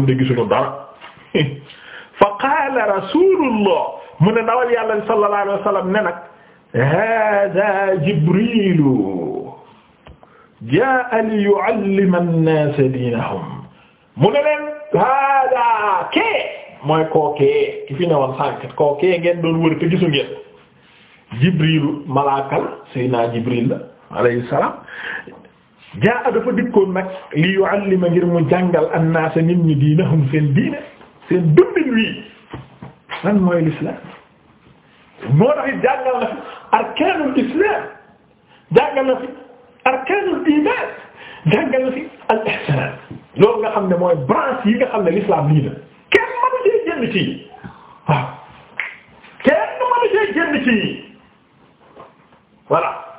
ñun de gisuñu dara fa qaala rasulullah mu ne ndawal yàlla sallallahu alayhi wa sallam ne nag hada jibrilu jaa li yu'allima an-naasa diinahum mu ne leen hada kee mooy kookee ki fi ne woon sànq kookee ngeen doon wër te gisu ngeen jibrilu malaakal sëy naa jibril la alayhi salaam jaa dafa dikkoon nag li yu'allima ngir mu jàngal annaasa nit ñi diinahum seen diine seen dundin wii lan mooy l'islam moo tax it jàngal na fi arkaanul islam jàngal na fi arkaanul iman jàngal na fi al ihsaan loolu nga xam ne mooy branche yi nga xam ne l'islam lii la kenn mënu cee génn ci waaw kenn mënu cee génn ci voilà.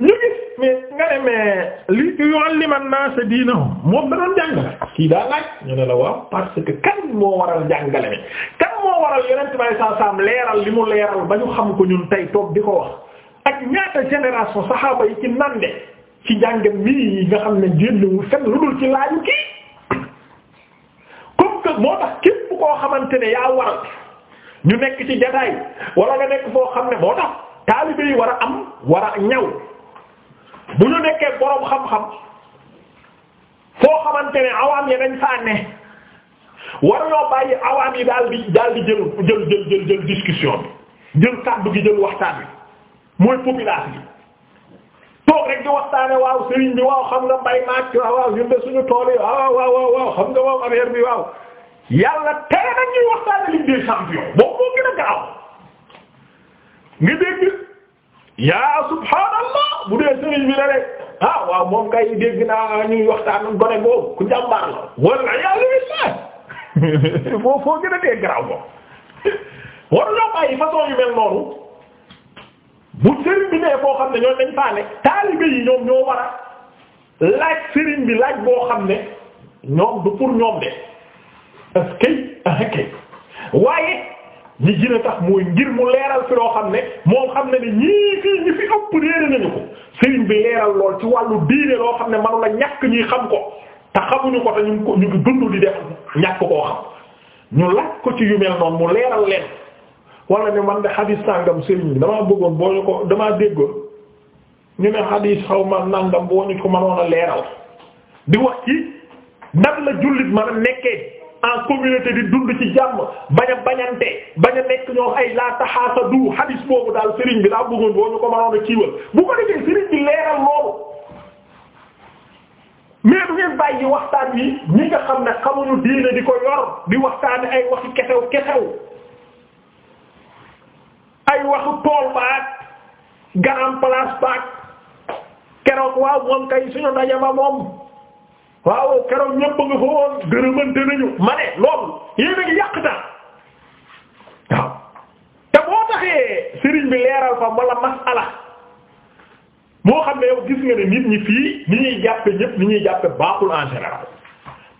ñu gis mais nga ne mais li yu'allima an-nas diinahum moom da doon jàngale kii daa laaj ñu ne la waaw parce que kan moo waral jàngale mi kan moo waral yonent bay saa saam leeral li mu leeral ba ñu xam ko ñun tey toog di ko wax ak ñaata génération saxaaba yi ci nande ci jàngat mii yi nga xam ne jénlwul fen lu dul ci laaju kii comme que moo tax képp koo xamante ne yaa waral ñu nekk ci jataay wala nga nekk foo xam ne moo tax taalibe yi war a am war a ñaw bu ñu nekkee boroom xam-xam foo xamante ne awaam yi dañ faa ne war ñoo bàyyi awaam yi daal di daal di jël jël jël jël jël discussion bi jël kàddu gi jël waxtaan bi mooy population bi toog rek di waxtaane waaw sëriñ bi waaw xam nga mbay maak waaw waaw suñu tool yi waaw waaw waaw xam nga waaw affaire bi waaw yàlla tere nag ñuy waxtaane ligue des champions boobu moo gën a gaaw nga dégg yaa subhaanallah bu dee sëriñ bi la rek ah waaw moom kay dégg naa ñuy waxtaan gone boobu ku jàmbaar la walla yàlla billah foo foo gën a dee garaaw moom war na yu mel noonu bu sëriñ bi nee xam ne ñoom dañ faa ne taalibe yi ñoom ñoo war a boo xam ne ñoom du pour ñoom de parce que ah, waaye ñi gën a tax mooy ngir mu leeral fi loo xam ne moo xam ne ne ñii fii ñi fi ëpp réere nañu ko sëriñ bi leeral lool ci wàllu diine loo xam ne manu la ñàkk ñuy xam ko te xamuñu ko te ñu ngi dund di def ñàkk koo xam ñu laaj ko ci yu noonu mu leeral leen wala ne man de xadiis sàngam sëriñ bi damaa bëggoon boo ñu ko damaa déggoon ñu ne xadiis xaw ma nàngam boo ñu ko mënoon a leeral di wax ci nan la jullit mën a nekkee en communauté di dund ci jàmm bañ a bañante bañ nekk ñoo ay la taxaasadu hadis boobu daal sëriñ bi daa bëggoon boo ñu ko mënoon a kiiwal bu ko defee sëriñ bi leeral loolu mais du ngeen bàyyi waxtaan wi ñi nga xam ne xamuñu diine di ko yor di waxtaani ay waxi kesew kesew ay waxu tool baag garam place baag keroog waaw moom kay suñu ndaje moom. waaw keroog ñëpp nga ko woon nañu ma ne loolu yéen a ngi yàq ta waaw te boo taxee sëriñ bi leeral fa wala masala moo xam ne yow gis nga ne nit ñi fii ni ñuy jàppe ñëpp ni ñuy jàppe baaxul en général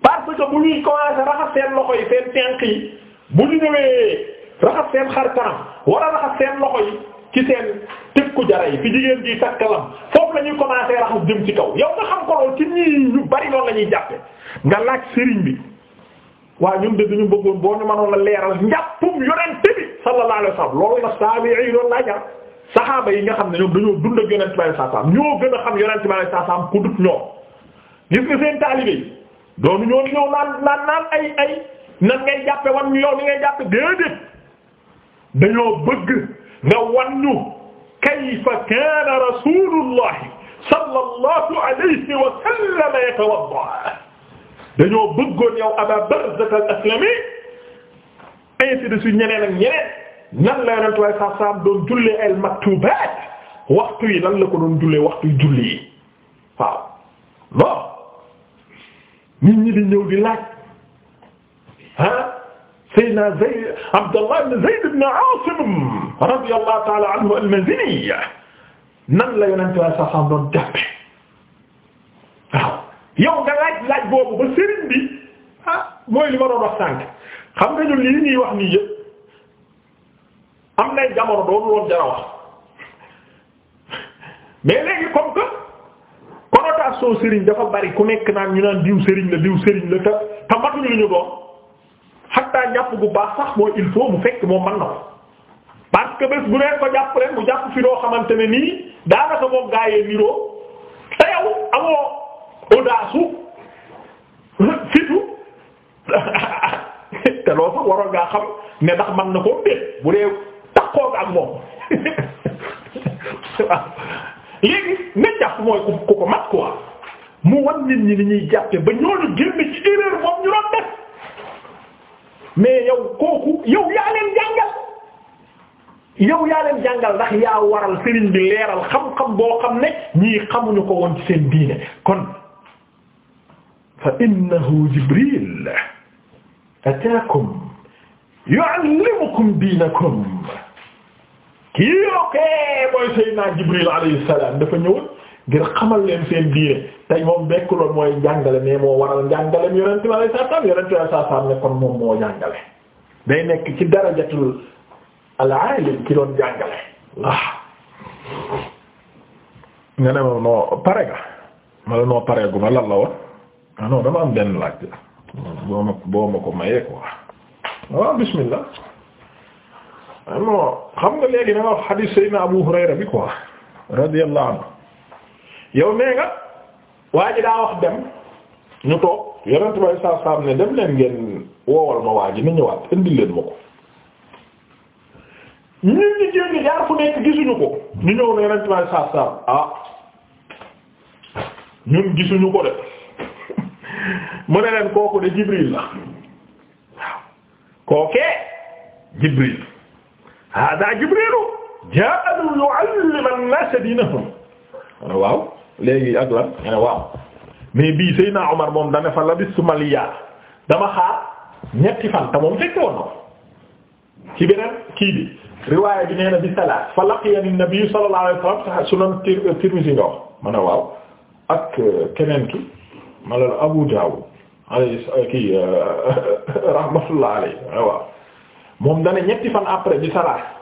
parce bu ñuy commencé raxas seen loxo yi seen tenq yi bu ñu ñëwee raxas seen xar kanam raxas seen loxo yi ci seen jara yi fi jigéen ji takkalam foofu la ñuy commencer raxas jëm ci kaw yow nga xam ko lool ci ñii ñu bari loolu la ñuy jàppe nga laaj sëriñ bi waa ñun de duñu bëggoon boo ñu mënoon a leeral njàppum yonent bi sallallahu alayhi wasallam loolu la saabi'i doon laa jar ah saxaaba yi nga xam ne ñoom dañoo dund ak yonent bi sallallahu alayhi wasallam ñoo gën a xam yonent bi sallallahu alayhi wasallam ku dut ñoom gis nga seen taalibe doonu ñoo ñëw naan naan naan ay ay nan ngay jàppe wan ñu yow ngay jàppe déedéet dañoo bëgg nga wan ñu kayfa kaana rasuulullahi sallallahu alayhi wa sallam yatawadda dañoo bëggoon yow Abaa Barza al-Aslami ainsi de suite ñeneen ak ñeneen nan la Yonent bi saa saam doon jullee ay maktubaat waxtu yi nan la ko doon jullee waxtu yi julli yi waaw bon nit ñi di ñëw di laaj ah. Seydina Zayd Abdallah ibn Zayd ibn Aasim radiyallahu ta'ala anhu al-Mazini nan la yonent waaye sax sax doon jàppe waaw yow nga laaj laaj boobu ba sëriñ bi ah mooy li ma doon wax sànq xam nga ñun lii ñuy wax nii yëpp am nay jamono doonul woon jara wax mais léegi comme que connotation sëriñ dafa bari ku nekk naan ñu naan diw sëriñ la diw sëriñ la te te matuñu lu ñu doon. xatta njàpp bu baax sax mooy il faut mu fekk moom man na ko parce bés bu neen ko jàpp rek mu jàpp fi loo xamante ne nii daanaka moom gaa yee niroo te yow amoo audace fitu te loolu sax waroon ngaa xam ne ndax man na koo dégg bu dee takkoo nga ak moom waaw léegi ne jàpp mooy ku ko mat quoi mu wan nit ñi ni ñuy jàppe ba ñooñu génn ci erreur moom ñu doon def mais yow kooku yow yaa leen jàngal yow yaa leen jàngal ndax yaa waral sëriñ bi leeral xam-xam boo xam ne ñii xamuñu ko woon ci seen diine kon fa innahu jibril ataakum yu'allimukum diinakum kii yokkee mooy sayyidina jibril alayhi salam dafa ñëwoon ngir xamal leen seen diine tey moom bekkuloon mooy njàngale mais moo waral njàngaleem yonent bi alayhi salaam yonent bi alayhi salaam ne moom moo jàngale day nekk ci darajatul al-aalim ki doon jàngale waaw nga ne ma noo pare nga ma la noo paree gu ma lan la woon ah non dama am benn laaj boo ma boo ko mayee quoi bismillah ah, non xam nga léegi nga wax Seydina Abu Hurayra bi quoi radiyallahu anhu yow nee nga waa ji daa wax dem ñu toog yonent bay saa saam ne dem leen ngeen woowal ma waa ji ni ñëwaat indi leen ma ko ñun ñu jéngi jaar fu nekk gisuñu ko ñu ñëw ne yonent bay saa saam ah ñun gisuñu ko de mu ne leen kooku de Jibril la waaw kookee Jibril hada Jibrilu jaa yu'allimu an-naasa diinahum waaw léegi ak lan nga ne waaw mais bii Seydina Omar moom dane fa labistu maliya dama xaar ñetti fan te moom fekk ci beneen kii bi riwaaya bi nee na bi salaat fa laqiyani nabi sallallahu alayhi wa sallam sunan Tirmidhi nga wax ma ne waaw ak euh, keneen ki ma la Abu Dawud kii euh, rahmatullah alayhi waaw moom dane ñetti fan après bi salaat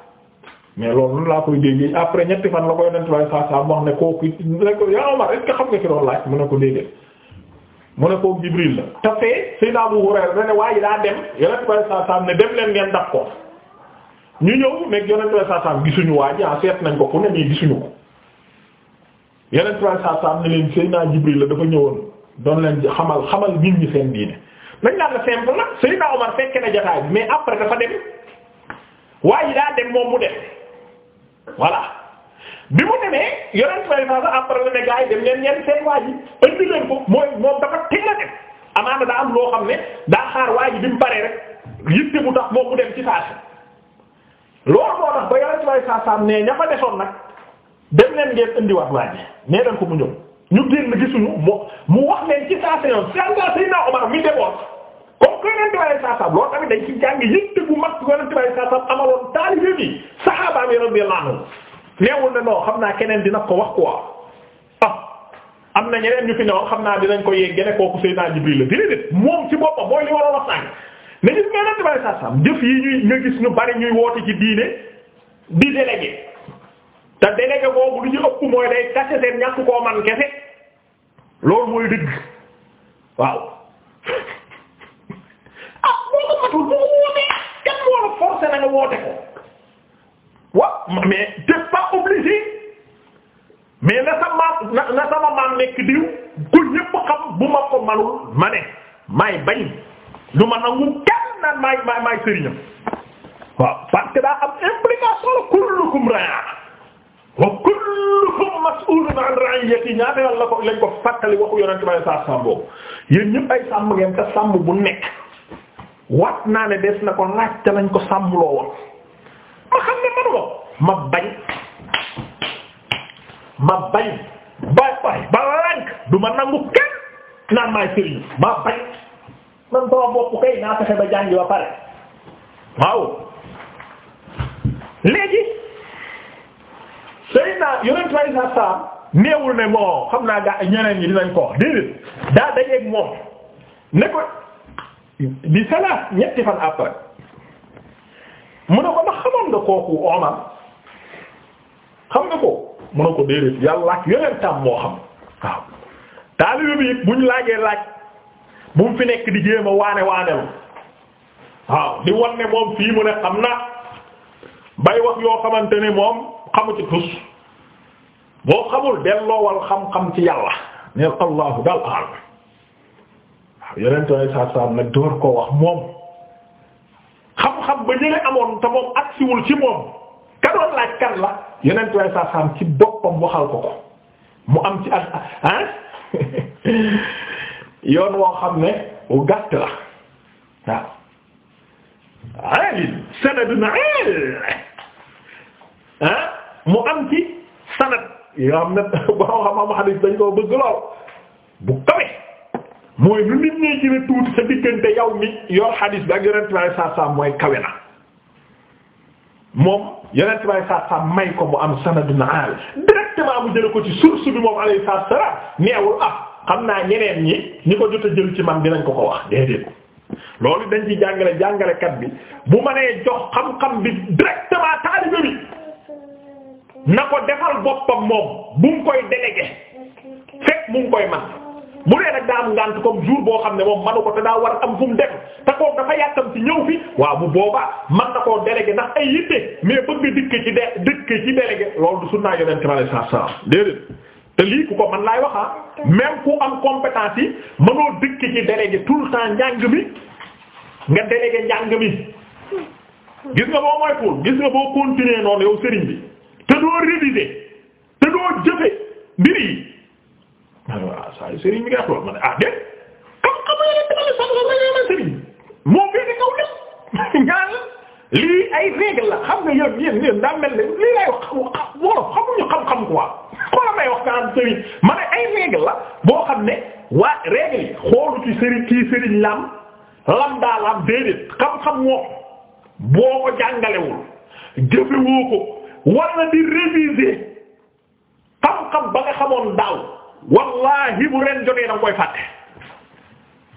mais loolu laa koy déggee après ñetti fan la koy yonent bay saa saa mu wax ne kooku rek yaa Umar est-ce que xam nga ki doon laaj mu ne ko déedéet mu ne kooku Jibril la te fee Seydina Abu Hurayra da ne waaye daa dem yonent bay saa saa ne dem leen ngeen dab ko ñu ñëw nekk yonent bay saa saa gisuñu waa ji ah seet nañ ko ku ne nii gisuñu ko yonent bay saa saa ne leen Seydina Jibril la dafa ñëwoon doon leen xamal xamal nit ñi seen diine dañ naan la simple la Seydina Umar fekke na jotaay bi mais après dafa dem waaye daa dem moom mu def voilà bi mu demee yonent may naa sax après la ne gars yi dem leen ñeenti seen waa ji indi leen ko mooy moom dafa teel dem amaana daa am loo xam ne daa xaar waa bi mu paree rek yitte mu tax moo mu dem ci saa si loolu moo tax ba yonent may saa ña fa desoon nag dem leen ngeen indiwaat waa ji nee nañ ko mu ñëw ñu génn gisuñu mu mu wax leen ci saa si yoon seen saa si naa demoon. ko yonent bi saa saam loolu tamit dañ ci jàng yitte bu mag ko yonent bi saa saam amaloon taalibe bi saxaaba bi radiyallahu anhu neewul ne non xam naa keneen dina ko wax quoi ah am na ñeneen ñu fi ne xam naa dinañ ko yegg gene kooku Seydina Jibril la déedéet moom ci boppam mooy li waroon a sànq ne gis nga yonent bi saa saam jëf yi ñuy nga gis ñu bari ñuy woote ci diine di délégué te délégué boobu lu ñu ëpp mooy day kase seen ñàkk koo loolu mooy dëgg ko matul kenn moo la forcer na nga woote ko wa mais t'es pas obligé mais na sa maam na na sama maam nekk diw ku ñépp xam bu ma ko manul ma ne maay bañ lu ma nangu kenn naan maay maay maay waaw parce daa am implication la kullukum ra'a wa kullukum mas'ulun an ra'iyati ñaata yoon la ko lañ ko fàttali waxu yonent bi sallallahu alayhi wasallam yéen ñëpp ay sàmm ngeen te sàmm bu nekk. wat naa ne des na ko laaj lañ ko sàmmloo woon ma xam ne manu ko ma bañ ma bañ bay bay ba lànk du ma nangu kenn naan maay sëriñ ma bañ man sama bopp kay naa fexe ba jàngi ba pare waaw léegi sëy naa yonent lay saa saa neewul ne moo xam naa gaa ñeneen ñi dinañ ko wax déedéet moom ne ko bi salaat ñetti fan après mu ne ko ndax xamoon nga kooku Omar xam nga ko mu ne ko déedéet yàlla laaj yonentam moo xam waaw taalibe bi buñ laajee laaj bu mu fi nekk di jéem a waane waanelu waaw di wan ne moom fii mu ne xam na bay wax yoo xamante ne moom xamu ci tus boo xamul delloowal xam-xam ci yàlla neel allahu daal alam yeneen tone saab-saab nag door wax moom xam-xam ba ñële amoon te moom agsiwul moom ka doon laaj kan la yeneen tone saab-saab ci boppam waxal ko ko mu am ci ak ah yoon woo xam ne wu gàtt la waaw aalin sanadun al ah mu am ci sanad yoo xam ne boo xam am xadis dañ koo bëgg lool bu kawe mooy lu nit ñi gën a tuuti sa diggante yow mi yor xadiis bi ak yonent bi alayhi salaam mooy kawe na moom yonent bi alayhi salaam may ko mu am sanadun aal directement mu jële ko ci source bi moom alayhi salaam neewul ah xam naa ñeneen ñi ñi ko jot a jël ci man dinañ ko ko wax ko loolu dañ ci jàngale jàngalekat bi bu mënee jox xam-xam bi directement taalibe bi na ko defal boppam moom bu mu koy délégué fekk mu ngi koy man bu dee nag daa am ngànt comme jour boo xam ne moom manu ko te daa war am fu mu def te kooku dafa yàkkam ci ñëw fi waaw bu boobaa man na koo délégué ndax ay yitte mais bëgg dikk ci de dikk ci délégué loolu du sunnaa yonente bi te lii ku ko man laay wax a ah. même ku am compétence yi mënoo dikk ci délégué tout le temps njàng mi nga délégué njàng mi gis nga boo moytuwul gis nga boo continuer noonu yow sëriñ bi te doo réviser te doo jëfe mbir waaw saa yu sëriñ bi nga wax loolu ma ah déet xam-xamu yeneen tamit sëriñ moo gën a kaw lii ay règle la xam nga yéen yéen yéen daa mel ne lii lay wolof xamuñu xam-xam quoi xoolal may wax naan sëriñ ma ay règle la boo xam ne waa règle yi xoolu ci sëriñ kii sëriñ lam lam daa lam déedéet xam-xam moo boo jàngalewul jëfewoo ko war na di réviser xam-xam ba nga xamoon daaw. wallahi bu ren jotee da nga koy fàtte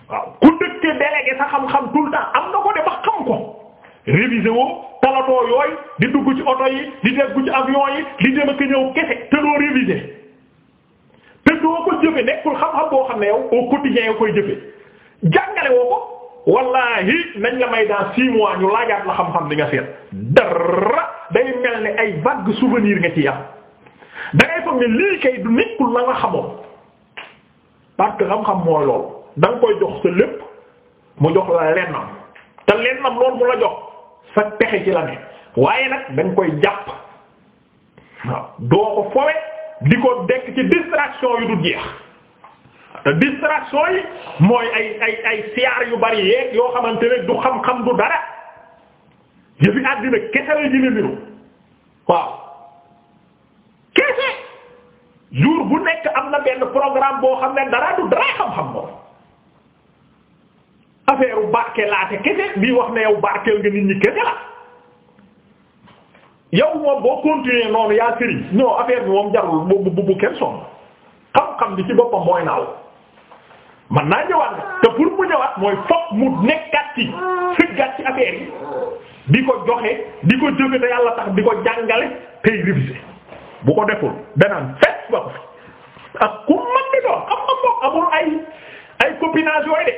waaw ku dëkke délégué sa xam-xam tout le am na ko de ba xam ko révisé woo talatoo yooyu di dugg ci oto yi di dugg ci avion yi di dem ak ñëw kese te doo révisé te doo ko jëfe nekkul xam-xam boo xam ne yow au quotidien yow koy jëfe jàngale woo ko wallahi nañ la may dans six mois ñu laajaat la xam-xam li nga seet dara day mel ne ay vague souvenir nga ci yàq. da ngay foog ne lii kay du nekkul la nga xamoon parce xam-xam mooy lool da koy jox sa lépp mu jox la lennam te lennam loolu mu la jox sa pexe ci la ne waaye nag da koy jàpp waaw doo ko fowe di ko dekk ci distraction yu du jeex te yi mooy ay ay ay siyaar yu bari yeeg yoo xamante ne du xam-xam du dara yëfi àddina kese la ji niru waaw. jur bu nekk am na benn programme boo xam ne dara du dara xam-xam moom affaire u barke laate kese bii wax ne yow barkeel nga nit ñi kese la yow moom boo continuer noonu yaa sëriñ non affaire bi moom jarul bu bu bu kenn sonn xam-xam bi ci boppam mooy naaw man naa ñëwaat te pour mu ñëwaat mooy fokk mu nekkaat ci fëggaat ci affaire yi di ko joxe di ko jëfe te yàlla tax di ko jàngale tey réviser bu ko deful beneen ba ak ku man di doon am am moom amul ay ay copinage yooyu de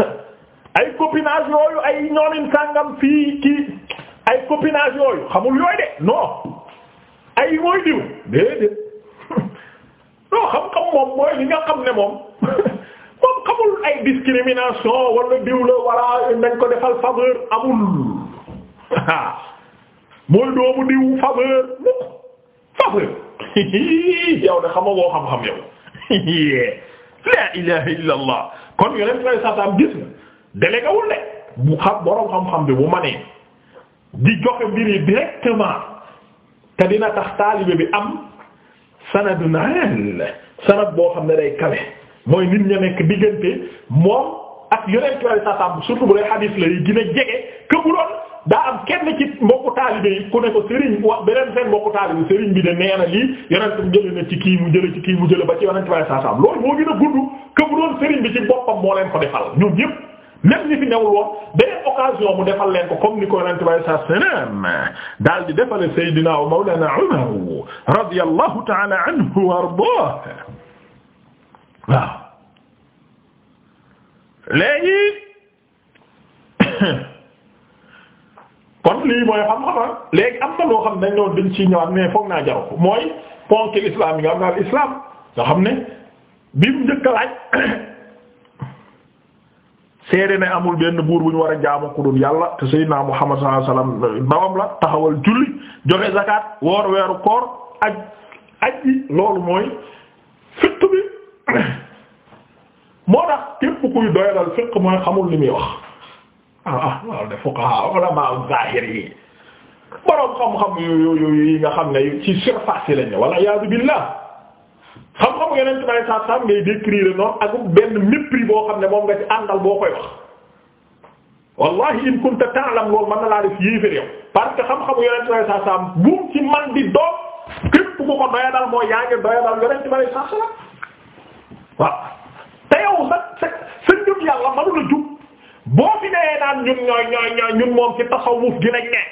ay copinage yooyu ay ñoomin sàngam fii kii ay copinage yooyu xamul yooyu de non ay mooy diw déedéet non xam-xam moom mooy li nga xam ne moom moom xamul ay discrimination wala diw la wala ko defal faveur amul mooy doomu diw faveur mukk fafre yow de xama boo xam-xam yow la ilaha illa kon yonent bi saa saam gis nga délégué wul ne bu xam boroom xam-xam bi bu di joxe mbir yi directement te dina tax taalibe bi am sanadun al sanad boo xam ne day kawe mooy nit ña nekk diggante moom ak yonent bi saa saam surtout bu dee xadiis la yi jege que bu doon daa am kenn ci mbokku taalibe yi ku ne ko sëriñ wax beneen seen mbokku taalibe sëriñ bi de nee na lii yonent ci kii mu jële ci kii mu jële ba ci yonent baay saasaam loolu moo gën a gudd que bu bi ci boppam moo leen ko defal ñoom ñépp même ñi fi newul woon beneen occasion mu defal leen ko comme ni ko yonent baay saasaam daal di defale Seydina wa Mawlana Umar radiyallahu ta'ala anhu wa ardaah waaw léegi kon lii mooy xam-xama ah. léegi am na loo xam ne dañoo dañ ci ñëwaat mais foog naa jaroo mooy ponk l'islam yi nga xam ne bi mu njëkk a laaj ne amul benn buur bu ñu war a jaamu ku dul yàlla te sayyidina Muhammad sallallahu alayhi wasallam euh, ndawam la taxawal julli joxe zakat woor weeru koor aj aj yi loolu mooy fiq bi moo tax képp kuy doyalal fiq mooy xamul li muy wax ah waaw de fuqaha ulama zahir yi boroom xam-xam yu yu yi nga xam ci surface yi lañ ne wala iyaazu billah xam-xam yeneen ci may saab saab ngay boo xam ne moom nga ci àndal boo koy wax wallahi in kunta ta'lam loolu mën na laa def yéeféer yow parce que xam-xamu yeneen ci may man di doom képp ku ko doya dal mooy yaa ngi doya dal yeneen ci may saab sa sa sa njub yàlla manu la jub boo fi nee naan ñun ñooy ñooy ñooy ñun moom ci tasawuf gi lañ ne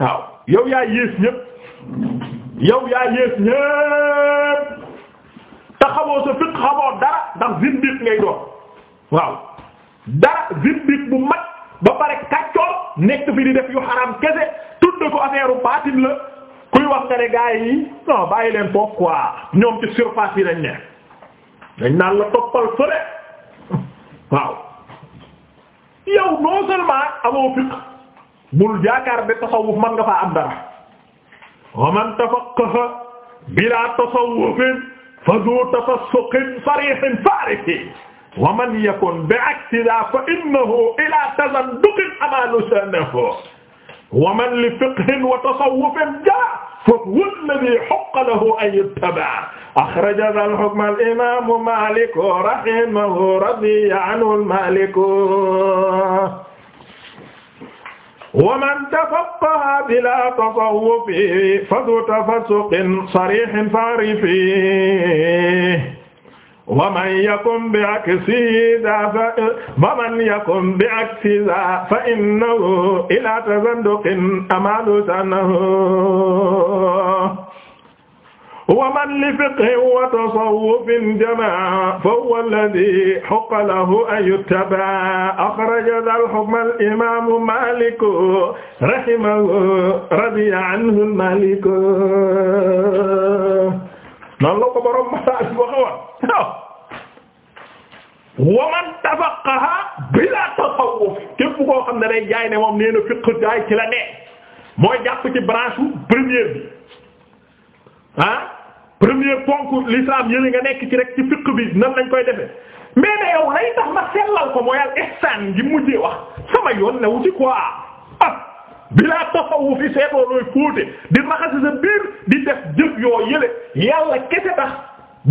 waaw yow yaa yées ñépp yow yaa yées ñépp te sa fiq xamoo dara ndax zindiq ngay doon waaw dara zindiq bu mag ba pare kàccoor nekk fi di def yu xaram kese tudd ko affaire baatin la kuy wax nga ne gaay yi bàyyi leen foofu quoi ñoom ci surface yi lañ ne dañ naan la toppal fële waaw. yow non seulement amoo fiq bul jaakaar ba tasawuf man nga faa am dara wa man tafaqqaha bila tasawufin fa du tafassuqin sarihin farihin wa man yakun bi'aksi fa innahu ila tazanduqin amanu shanahu wa man li fiqhin wa tasawwufin jaa fahuwa alladhi haqqa lahu an yuttaba akhraja al-hukm al-imam Malik rahimahu radiya anhu al-Malik wa man tafaqqaha bila tasawwufin fa dhu tafassuqin sarihin fa'rifih wa man yakun bi aksi daa fa wa man yakun bi aksi daa fa innahu ila tazanduqin amalu sanahu wa man li fiqhin wa tasawwufin jamaa fa huwa alladhi haqqa lahu an yuttabaa akhraja dhal hukm al imaamu Maalik rahimahu radiya anhu Maalik noonu la ko borom masaal bi waxe woon wa man tafaqaha bila tasawuf képp koo xam ne ne moom nee na fiqh jaay ci ne mooy jàpp ci branche première bi ah première ponk l'islam yële nga nekk ci rek ci fiqh bi nan lañ koy defee mais ne yow lay tax ma sellal ko mooy al ihsan gi mujjee wax sama yoon ne wuti quoi ah bila tasawuf yi seetoo looy di raxas sa biir di yoo yële yàlla kese tax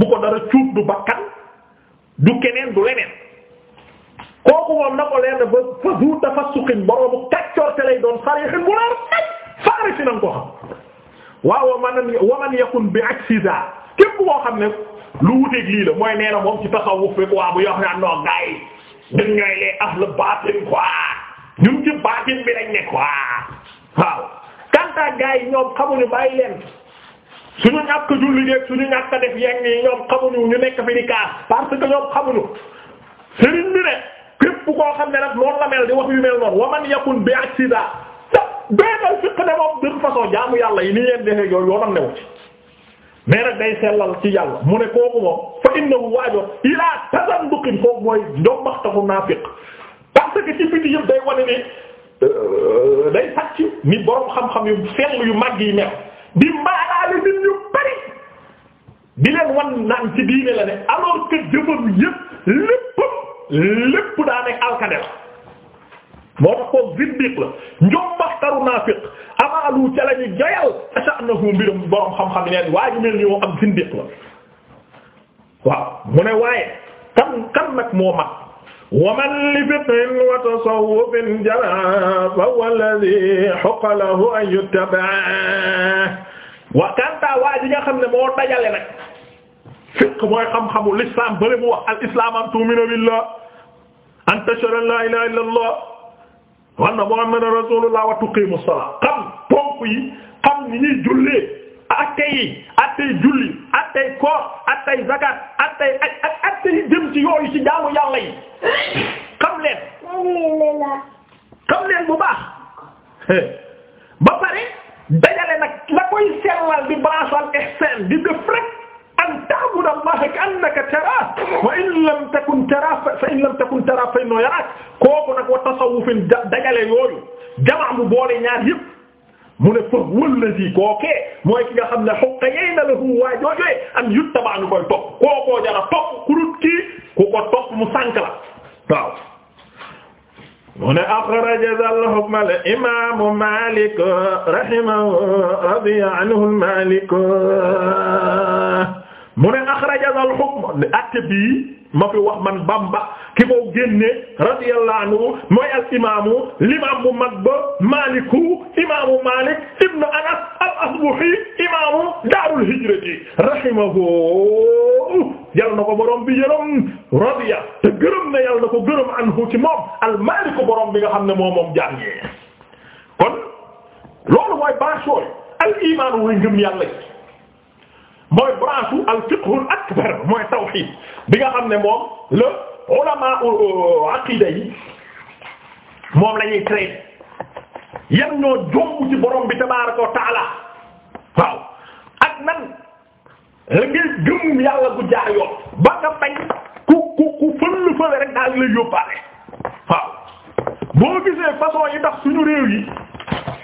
bu ko dara cuut du bakkan du keneen du leneen kooku moom na ko leer ba fa du tafassuqin boroomu kaccoor te lay doon sarixin bu leer taj faari si na nga ko xam waaw man waman yakun bi aksisa képp koo xam ne lu wuteeg lii la mooy nee na moom ci tasawuf fekk waa bu yoo xam ne noo gaa yi ñun ñooy les ahlu baatin quoi ñun ci baatin bi lañ ne quoi waaw kanta gaa ñoom xamuñu bàyyi leen suñu ñàkk julli yeeg suñu ñàkk def yeeg nii ñoom xamuñu ñu nekk fi di kaas parce que ñoom xamuñu sëriñ bi ne képp koo xam ne nag noonu la mel di wax yu mel noonu wa man yakun bi accident da béykat fiq ne moom d'une façon jaamu yàlla yi ni ngeen defee yooyu yoonam ne ci mais nag day sellal ci yàlla mu ne kooku moom fa innahu waajo ilaa tasanduqin kooku mooy ndox maxtaku naafiq parce que ci biti yëpp day wane ni euh, day sàcc ni borom xam-xam yu sell yu màgg yi nit ñu bari di leen wan naan ci diine la ne alors que jëfam yépp léppam lépp daa nekk alkade la moo tax koo ziddiq la ñoom baxtaru naafiq amaalu ca la ñu joyal sha'nahu mbirum borom xam-xam neen waa ju mel ni moom am ziddiq la waaw mu ne waaye kan kan nag moo mag wa man li fiqhin wa tasawwufin jala fa walladhi huqqa lahu an yuttaba wa kanta waa ji nga xam ne moo dajale nag fiq mooy xam-xamu l'islam bale mu wax al la ilaha illa allah wa anna muhammadan rasulullah wa tuqimu salat xam ponk yi xam ni ñuy julli attey koor attey zakat attey ak ak attey jëm ci yooyu ci jaamu yàlla yi xam baax booy sellal di branchal ihsan di def rek an ta'budu allaha ka annaka tara wa in lam takun tara fa in lam takun tara fa innahu yarak kooku nag wa tasawufin dajale yooyu jamaa mu boole ñaar yëpp mu ne fa wallazi kookee mooy ki nga xam ne xukka yey na lahu waa joojooye am yuttabaanu koy topp kookoo jara topp kurut kii ku ko topp mu sànk la waaw mu ne axraja zal hukm al imaamu Maalik rahimahu radiya anhu Maalik mu ne axraja zal hukm acte bii ma fi wax man Bamba ki ko génne radiyallahu anhu mooy al imaamu l'imam bu mag ba Maaliku imaamu Maalik ibn Anas al-Asbahi imaamu daarul hijrati rahimahu yal na ko borom bi yërëm radiya te gërëm na yal ko gërëm anhu ci moom almaaliku borom bi nga xam ne moom moom jàngee kon loolu mooy branche yooyu al imaan mooy ngëm yàlla gi mooy branche al bi nga xam ne moom le ulama aqida yi moom la ñuy traité yan ñoo jomb ci bi tabaaraka wa taala la ngay gëmum yàlla bu jaar yoon ba nga bañ ku ku ku fël fële rek daal la yóbbaale waaw boo gisee façon yi tax suñu réew yi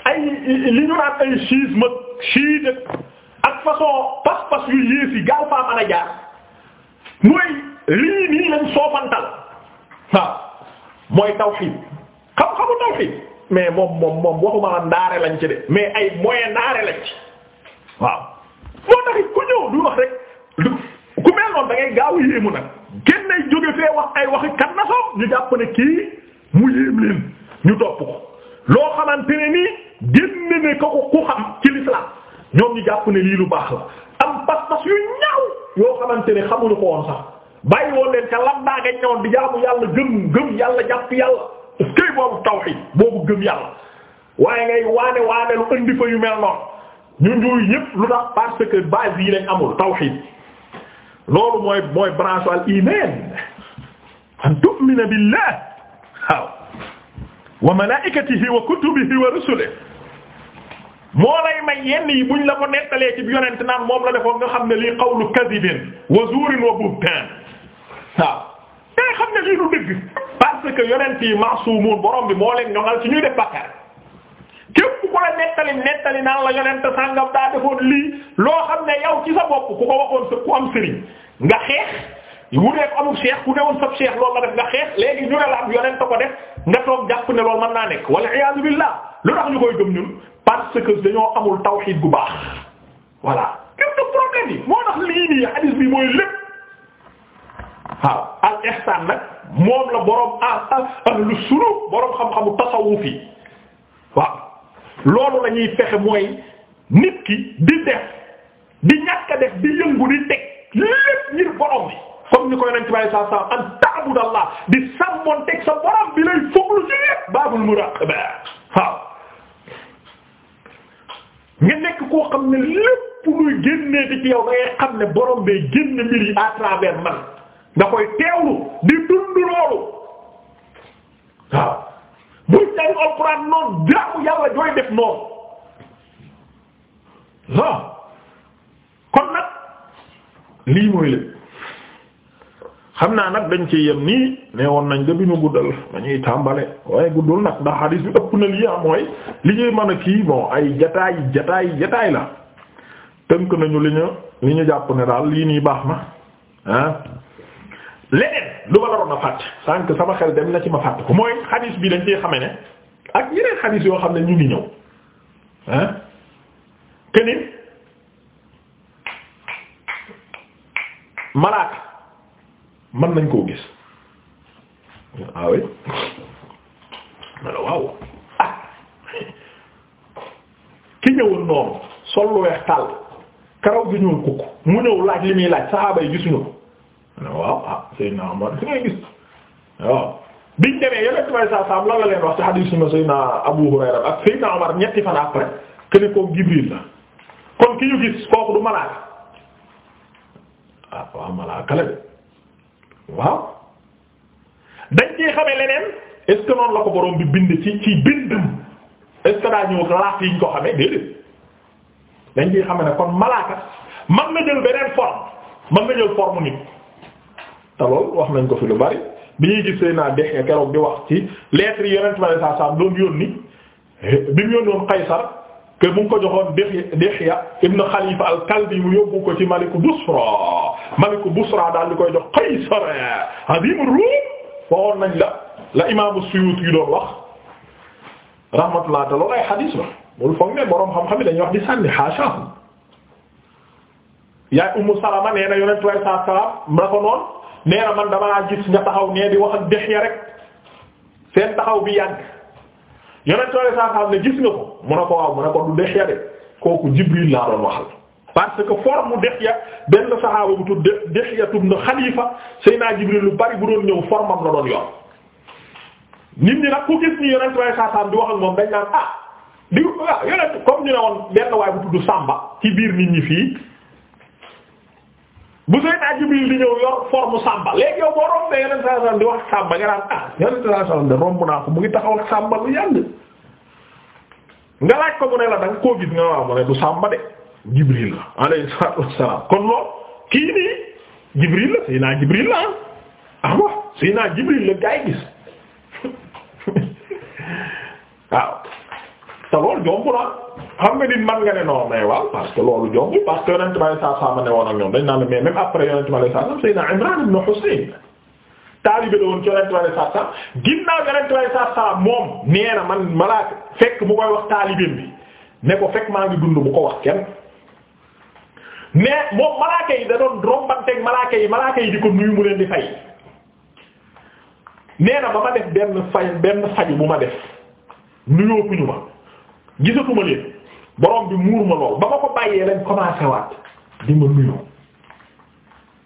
ay li ñu naan ay schisme chiite ak façon pas-pas yu yées yi gaaw faa mën a jaar mooy lii nii lañ soofantal waaw mooy tawhid xam-xamu tawhid mais moom moom waxuma la ndaare lañ ci de mais ay moyen naare lañ ci waaw. moo tax ku ñëw du wax rek ku mel noonu da ngay gaaw yéemu nag kenn ay jóge fee wax ay waxi kan na so ñu jàpp ne kii mu yéem leen ñu topp ko loo xamante ne nii génne ne ko ku xam ci l'islam ñoom ñu jàpp ne lii lu baax la am pas-pas yu ñaaw yoo xamante ne xamuñu ko woon sax bàyyi woon leen ca lambaa nga ñëwoon di jaamu yàlla gëm gëm yàlla jàpp yàlla kay boobu tawhid boobu gëm yàlla waaye ngay waane waane lu indi fa yu mel noonu ñun yooyu yëpp lu tax parce que base yi lañ amul tawhid loolu mooy mooy branche al iman an tu'mina billah waaw wa malaikatihi wa kutubihi wa rusulihi moo lay may yenn yi buñ la ko nettalee ci yonent naan moom la defoon nga xam ne lii qawlu kadibin wa zuurin wa buhtaan waaw te xam ne lii du dëgg parce que yonent yi ma'sumun borom bi moo leen ñoŋal ci ñuy def bàkkaar ku ko la nettali nettali naan la yonent sàngam daa defoon lii loo xam ne yow ci sa bopp ku ko waxoon sa ku am sëriñ nga xeex wu dee amul cheikh ku newoon sab cheikh loolu la def nga xeex léegi ñu ne la am yonent ko def nga toog jàpp ne loolu mën naa nekk wala iyaazu billah lu tax ñu koy gëm ñun parce que dañoo amul tawxiid gu baax voilà surtout problème yi moo tax lii nii hadis bi mooy lépp la boroom ah ah ahlu suluk boroom xam-xamu tasawuf yi loolu lañuy ñuy fexe mooy nit ki di def di ñàkk def di yëngu di teg lépp ngir borom bi comme ni koy yonent bi sallallahu alayhi wasallam an ta'budallah di samoon teg sa borom bi lay foglu ci lépp baabul muraqaba waaw nga nekk koo xam ne lépp luy génnee di ci yow da xam ne borom bee génn mbir yi à man nga koy teewlu di dund loolu waaw buy jàng alxuraan noonu jaamu yàlla jooy def noonu waaw kon nag lii mooy lépp xam naa nag dañ ci yem nii ne woon nañ da duñu guddal dañuy tàmbale waaye guddul nag ndax xadiis bi ëpp na lii am ah, mooy li ñuy mën a kii bon ay jataay jataay jataay la tënk nañu li ñu li ñu jàpp ne daal lii nii baax na ah leneen lu ma naroon fàtt sànq sama xel dem na ci ma fàtt ko mooy xadiis bi dañ ci xame ne ak yeneen xadiis yoo xam ne ñu ngi ñëw ah keneen malaaka nañ koo gis waaw ah mala waaw ah ki ñëwoon noonu sol lu weex tàll karaw gi ñuul kukk mu ñëw laaj li muy laaj saxaaba yi gisuñu ko waaw ah, ah Seydina Omar si ngay gis waaw biñ demee yonent bay saa saam lan la leen wax ci xadiis ma Seydina Abu Hurayra ak Seydina Omar ñetti fan après kenn ko Jibril la kon ki ñu gis kooku du malaaka ah, waaw malaaka la de waaw dañ ciy xamee leneen est noonu la ko borom bi bind ci ci bindam est-ce que daa ñëw laaf yi ñu ko xamee déedéet dañ ciy xamee ne kon malaaka man na jël beneen forme man na jël forme nit te wax nañ ko fi lu bari bi ñuy gis Seydina Dihya keroog di wax ci lettre yonent ma ne saa saa doon yónni bi mu yónnoon Qaysar que mu ngi ko joxoon Dihya ibn Khalifa al mu yóbbu ko ci maliku Busra maliku Busra daal di koy jox Qaysar adim Rum waxoon nañ la la imaamu Suyuti yu doon wax rahmatullah te loolu ay xadiis la bul foog ne boroom xam-xam yi dañuy wax di sànni xaasaahu yaay Ummu Salama nee yonent ma ne saa saa ma nee na man damaa gis nga taxaw nee di wax ak dex ya rek seen taxaw bi yàgg yonent sooy ne gis nga ko mu ne ko waaw mu ne ko du dex ya de kooku Jibril laa doon waxal parce que forme Dihya benn saxaaba bu tudd Dihya ibn Xalifa Seydina Jibril lu bari bu doon ñëw forme am doon yor nit ñi nag ku gis ni yonent saasaam di wax ak moom dañ naan ah di ah yonent comme ñu ne woon benn waaye bu tudd Samba ci biir nit ñi fii bu Seydina Jibril di ñëw yor forme Samba léegi yow boo romb ne yeneen di wax Samba nga ah yeneen saa yoo romb naa ko mu ngi taxaw ak Samba lu yàgg. nga laaj ko mu ne la da nga koo gis nga waaw mu ne du Samba de Jibril la alayhi salaatu kon lool kii nii Jibril la Seydina Jibril la ah ah Seydina Jibril la gaay gis waaw te jomb na. xam nga nit man nga ne non mais waaw parce que loolu jomb parce que yonent ma saa saa ma ne woon ak ñoom dañ naan la woon ci yonent ma saa saa saa moom nee man malaaka fekk mu koy wax taalibeem bi ne ko fekk maa ngi dund bu ko wax kenn. mais moom malaaka yi da doon rombanteeg malaaka yi malaaka yi di ko nuyu mu leen di fay nee ba ma def benn fay benn faju bu ma def nuyoo ku ñu ma gisatuma leen borom bi muur ma lool ba ma ko bàyyee lañ commencé di ma nuyoo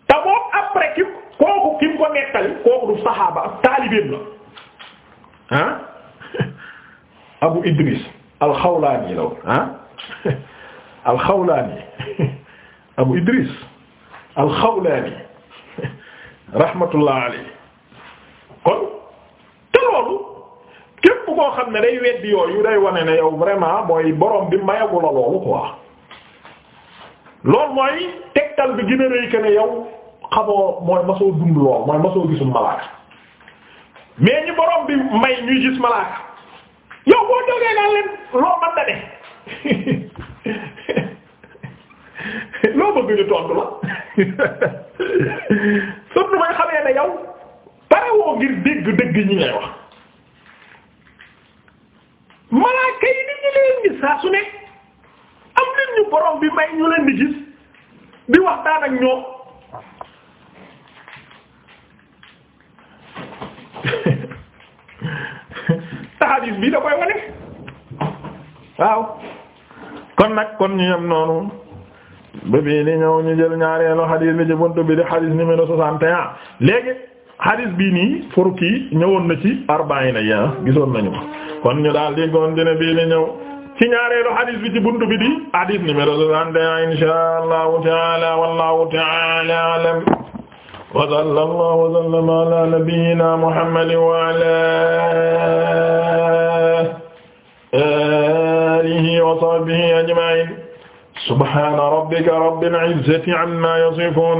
te moom après ki kooku ki mu ko nettali du saxaaba ak taalibeem la Abu Idris alxawlaani law Abu Idris alxawlaani rahmatullah alayhi kon képp koo xam ne day weddi yooyu day wane ne yow vraiment mooy borom bi mayagu la loolu quoi loolu mooy tegtal bi gën a rëy que ne yow xamoo mooy masoo dund lool mooy masoo gisum malaaka mais ñu borom bi may ñuy gis malaaka yow boo jógee naan leen loo man loo bëgg ñu tontu la surtout may xamee ne yow pare ngir dégg dégg ñi ngay wax. malaaka yi di ñu leen gis saa am nit ñu borom bi may ñu leen di gis di waxtaan ak ñoom taxadis bi da koy wane waaw kon nag kon ñu yem noonu ba ni ñëw ñu jël ñaareelu xadis bi ci buntu bi di xadis numéro 61 léegi hadis bi nii pour kii ñëwoon na ci arbaina yi ah gisoon nañu ko kon ñu daal di continuer bii ni ñëw ci ñaareelu hadis bi ci buntu bi di hadis numéro 61 insha allahu taala wallahu taala alam wa sallallahu wa sallama ala nabiyyina muhammadin wa ala alihi wa sahbihi ajma'in subhana rabbika rabbil izzati amma yasifun